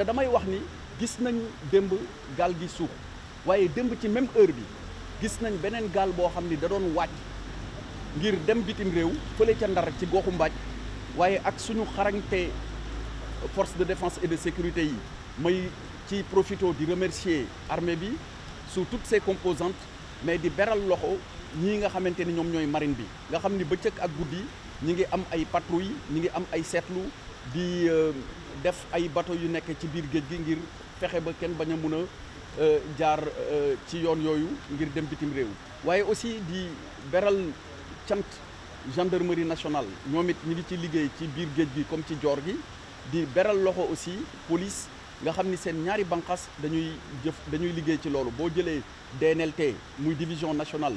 te damay wax ni gis nañ démb gaal gi suux waaye démb ci même heure bi gis nañ beneen gaal boo xam ni da doon wàcc ngir dem bitim réew fële ca ndar ci goxu mbaaj ak suñu xarañte force de défense et de sécurité yi may ci profito di remercier armée bi sous toutes ses composantes mais di beral loxo ñii nga xamante ni ñoom ñooy marine bi nga xam ni bëccëg ak guddi ñi ngi am ay patrouille ñi ngi am ay seetlu di euh, def ay bateau yu nekk ci biir géej gi ngir fexe ba kenn bañ a mun a euh, jaar euh, ci yoon yooyu ngir dem bitim réew waaye aussi di beral cant gendarmerie nationale ñoom it ñu ngi ci liggéey ci biir géej gi comme ci joor gi di beral loxo aussi police nga xam ni seen ñaari banqaas dañuy jëf dañuy liggéey ci loolu boo jëlee DNLT muy division nationale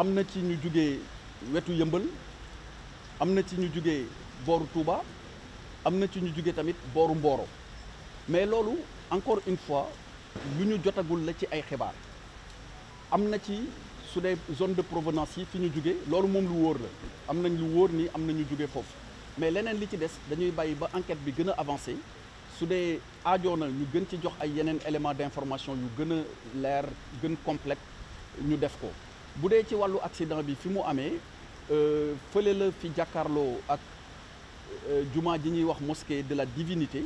amna ci ñu jugee wetu yëmbal amna ci ñu jugee booru Touba qui ci ñu tamit mais encore une fois nous ñu jotagul la ci ay xibaar de provenance yi fi ñu lolu nous lu la ni mais li ci des dañuy bayyi ba enquête bi avancer, su ñu gën ci jox éléments d'information yu ont bu dee ci wàllu accident bi fi mu amee euh, fële la fi jàkkaarloo ak euh, jumaa ji ñuy wax mosquée de la divinité